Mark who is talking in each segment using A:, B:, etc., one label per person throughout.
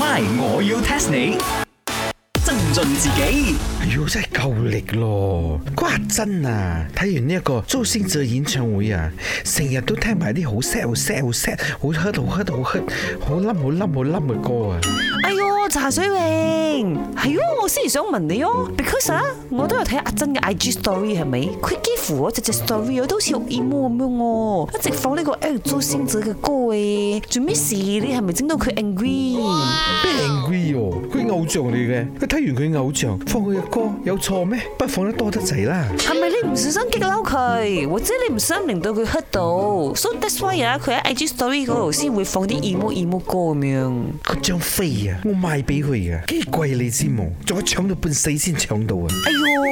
A: My，我要 test 你，增進自己。哎喲真係夠力咯，瓜真啊！睇完呢一個周星馳演唱會啊，成日都聽埋啲好 sad，好 sad，好 sad，好黑，好黑，好黑，好冧，好冧，好冧嘅歌啊！
B: 茶水泳係哦，我先想問你哦，because 啊，我都有睇阿珍嘅 IG story 係咪？佢幾乎嗰隻只 story 我都好似 emo 咁樣哦，一直放呢個周星馳嘅歌誒，做咩事？你係咪整到佢 angry？
A: 唔係 Wow. angry 哦。偶像嚟嘅，佢睇完佢偶像，放佢嘅歌有錯咩？不放得多得滯啦。
B: 係咪你唔小心激嬲佢，或者你唔想令到佢 hurt 到？So that's why 啊，佢喺 IG story 嗰度先會放啲 emo emo
A: 歌咁樣。嗰張飛啊，我賣俾佢嘅，幾貴你知冇？仲要搶到半死先搶到啊！
B: 哎喲。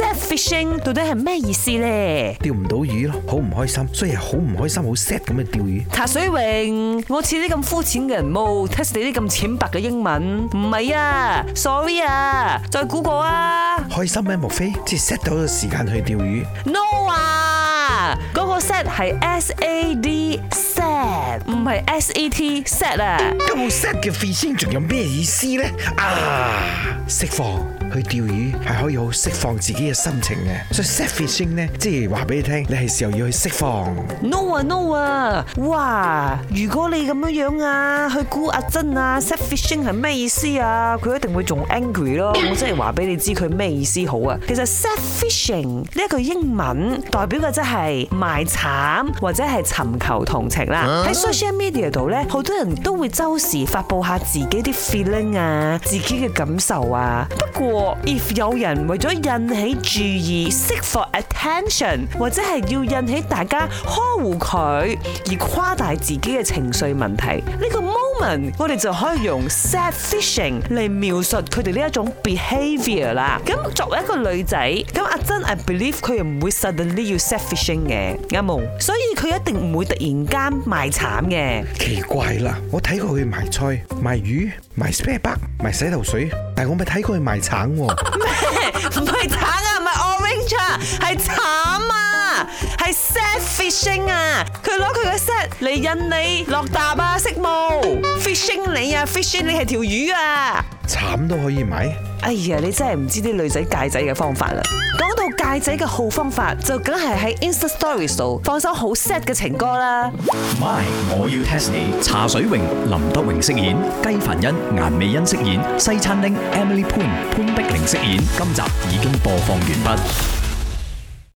B: set fishing 到底
A: 係咩意思咧？釣唔到魚咯，好唔開心，所以好唔開心，好 sad 咁嘅釣魚。
B: 茶水榮，我似啲咁膚淺嘅人，冇 test 你啲咁淺白嘅英文。唔係啊，sorry 啊，再估過啊。
A: 開心咩？莫非即係 set 到個時間去釣魚
B: ？No 啊，嗰、那個 set 係 s, s a d sad 唔係 s a t set 啊。
A: 咁 set 嘅 fishing 仲有咩意思咧？啊，釋放。去釣魚係可以好釋放自己嘅心情嘅，所以 Sadfishing 咧，即係話俾你聽，你係時候要去釋放。
B: No 啊 no 啊，哇！如果你咁樣樣啊，去估阿珍啊 Sadfishing 係咩意思啊？佢一定會仲 angry 咯。我真係話俾你知佢咩意思好啊。其實 Sadfishing 呢一句英文代表嘅即係賣慘或者係尋求同情啦。喺 social media 度咧，好多人都會周時發布下自己啲 feeling 啊，自己嘅感受啊。不過 If 有人為咗引起注意，seek for attention，或者係要引起大家呵護佢，而誇大自己嘅情緒問題，呢、這個 moment 我哋就可以用 sad fishing 嚟描述佢哋呢一種 behavior 啦。咁作為一個女仔，咁阿珍，I believe 佢又唔會 suddenly 要 sad fishing 嘅，啱冇？所以佢一定唔會突然間賣慘嘅。
A: 奇怪啦，我睇過佢賣菜、賣魚、賣洗髮棒、賣洗頭水。我咪睇佢賣橙喎，
B: 咩？唔係橙啊，唔係 orange 啊，係 sad 啊，係 sadfishing 啊，佢攞佢嘅 sad 嚟引你落搭啊，色毛。fishing 你啊，fishing 你係條魚啊。慘都可以買？哎呀，你真係唔知啲女仔戒仔嘅方法啦！講到戒仔嘅好方法，就梗係喺 Instagram 度放首好 sad 嘅情歌啦。
A: My，我要 test 你。茶水榮，林德榮飾演；雞凡欣，顏美欣飾演；西餐廳，Emily Poon，潘碧玲飾演。今集已經播放完畢。